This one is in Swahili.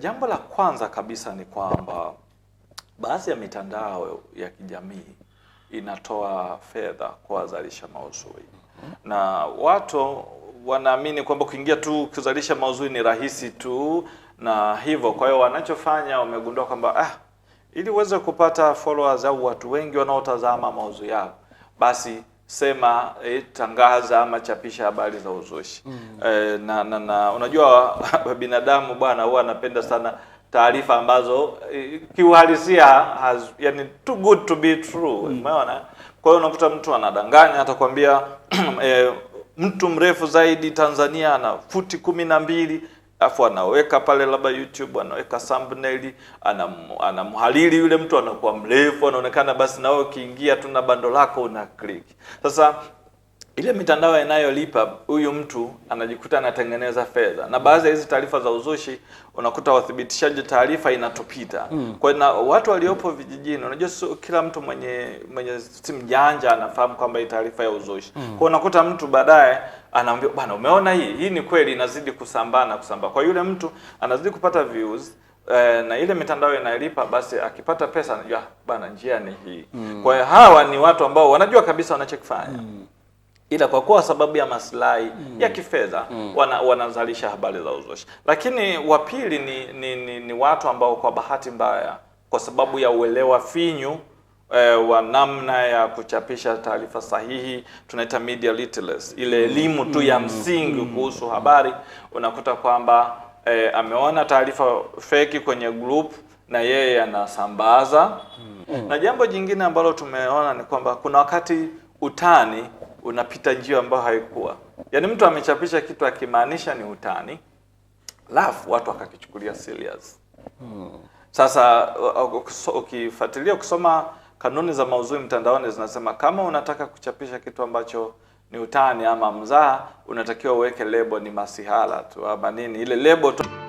Jambo la kwanza kabisa ni kwamba baadhi ya mitandao ya kijamii inatoa fedha kwa wazalisha maudhui na watu wanaamini kwamba kuingia tu kuzalisha maudhui ni rahisi tu, na hivyo kwa hiyo wanachofanya wamegundua kwamba ah, ili uweze kupata followers au watu wengi wanaotazama maudhui yao basi sema eh, tangaza ama chapisha habari za uzushi mm. Eh, na, na, na unajua binadamu bwana huwa anapenda sana taarifa ambazo eh, kiuhalisia has, yani too good to be true mm. Umeona, kwa hiyo unakuta mtu anadanganya atakwambia eh, mtu mrefu zaidi Tanzania ana futi kumi na mbili afu anaweka pale labda YouTube, anaweka thumbnail, anam, anamhariri yule mtu, anakuwa mrefu, anaonekana. Basi na wewe ukiingia tu na bando lako una click. Sasa ile mitandao inayolipa, huyu mtu anajikuta anatengeneza fedha, na baadhi ya hizi taarifa za uzushi unakuta wathibitishaji taarifa inatupita mm. Kwa na watu waliopo vijijini, unajua so, kila mtu mwenye mwenye simu janja anafahamu kwamba hii taarifa ya uzushi mm. Kwa unakuta mtu baadaye anaambia bana, umeona hii hii ni kweli, inazidi kusambaa na kusambaa. Kwa yule mtu anazidi kupata views eh, na ile mitandao inalipa, basi akipata pesa anajua bana, njia ni hii mm. Kwa hiyo hawa ni watu ambao wanajua kabisa wanachokifanya mm ila kwa kuwa sababu ya maslahi mm. ya kifedha mm. wana, wanazalisha habari za uzushi. Lakini wa pili ni, ni, ni, ni watu ambao kwa bahati mbaya, kwa sababu ya uelewa finyu e, wa namna ya kuchapisha taarifa sahihi, tunaita media literacy, ile elimu tu ya msingi kuhusu habari. Unakuta kwamba e, ameona taarifa feki kwenye group na yeye anasambaza. Na jambo jingine ambalo tumeona ni kwamba kuna wakati utani unapita njia ambayo haikuwa, yaani mtu amechapisha kitu akimaanisha ni utani, lafu watu wakakichukulia serious. Hmm. Sasa ukifuatilia kusoma kanuni za maudhui mtandaoni zinasema kama unataka kuchapisha kitu ambacho ni utani ama mzaa unatakiwa uweke lebo ni masihala tu ama nini ile lebo tu.